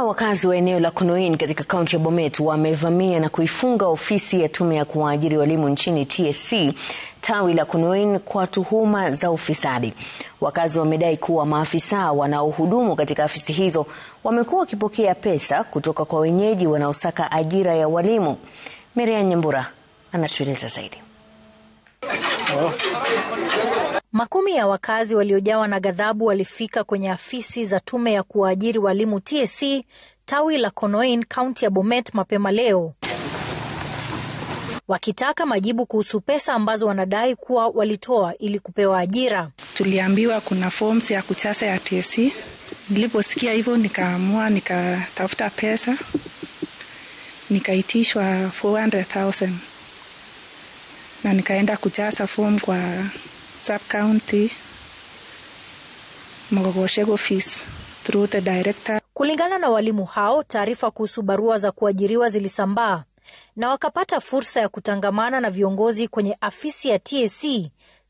Kadhaa wakazi wa eneo la kunoin katika kaunti ya Bomet wamevamia na kuifunga ofisi ya tume ya kuwaajiri walimu nchini TSC tawi la kunoin kwa tuhuma za ufisadi. Wakazi wamedai kuwa maafisa wanaohudumu katika afisi hizo wamekuwa wakipokea pesa kutoka kwa wenyeji wanaosaka ajira ya walimu. Miriam Nyambura anatueleza zaidi. Makumi ya wakazi waliojawa na ghadhabu walifika kwenye afisi za tume ya kuwaajiri walimu TSC tawi la Konoin kaunti ya Bomet mapema leo wakitaka majibu kuhusu pesa ambazo wanadai kuwa walitoa ili kupewa ajira. Tuliambiwa kuna forms ya kuchasa ya TSC. Niliposikia hivyo, nikaamua nikatafuta pesa, nikaitishwa 400,000 na nikaenda kujaza form kwa sub county Mogogoshego fees through the director. Kulingana na walimu hao, taarifa kuhusu barua za kuajiriwa zilisambaa na wakapata fursa ya kutangamana na viongozi kwenye afisi ya TSC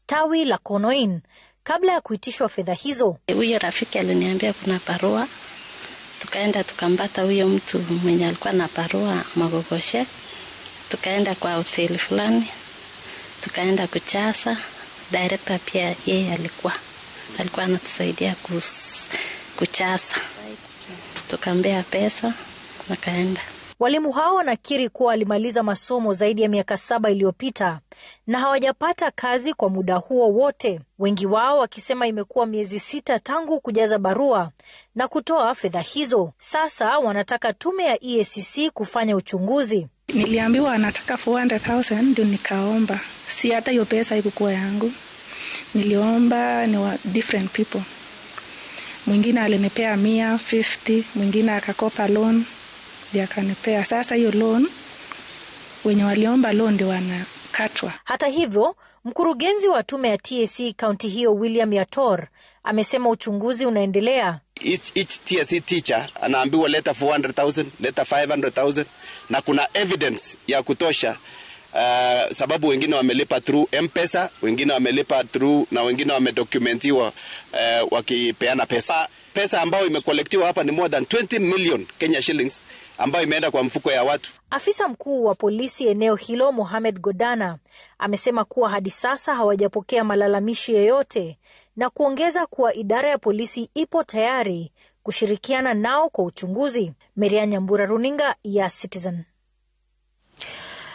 tawi la Konoin kabla ya kuitishwa fedha hizo. Huyo rafiki aliniambia kuna barua, tukaenda tukambata huyo mtu mwenye alikuwa na barua magogoshek tukaenda kwa hoteli fulani tukaenda kuchasa. Director pia yeye alikuwa alikuwa anatusaidia kuchasa, tukambea pesa, nakaenda Walimu hao wanakiri kuwa walimaliza masomo zaidi ya miaka saba iliyopita na hawajapata kazi kwa muda huo wote, wengi wao wakisema imekuwa miezi sita tangu kujaza barua na kutoa fedha hizo. Sasa wanataka tume ya EACC kufanya uchunguzi. Niliambiwa anataka 400,000 ndio nikaomba, si hata hiyo pesa ikukuwa yangu, niliomba ni wa different people. Mwingine alinipea mia, 50, mwingine akakopa loan ndio akanipea. Sasa hiyo loan wenye waliomba loan ndio wanakatwa. Hata hivyo, mkurugenzi wa tume ya TSC kaunti hiyo William Yator amesema uchunguzi unaendelea. Each, each TSC teacher anaambiwa leta 400,000, leta 500,000 na kuna evidence ya kutosha uh, sababu wengine wamelipa through mpesa wengine wamelipa through na wengine wamedokumentiwa uh, wakipeana pesa. Pesa ambayo imekolektiwa hapa ni more than 20 million Kenya shillings ambayo imeenda kwa mfuko ya watu. Afisa mkuu wa polisi eneo hilo Mohamed Godana amesema kuwa hadi sasa hawajapokea malalamishi yoyote na kuongeza kuwa idara ya polisi ipo tayari kushirikiana nao kwa uchunguzi. Meria Nyambura, runinga ya Citizen.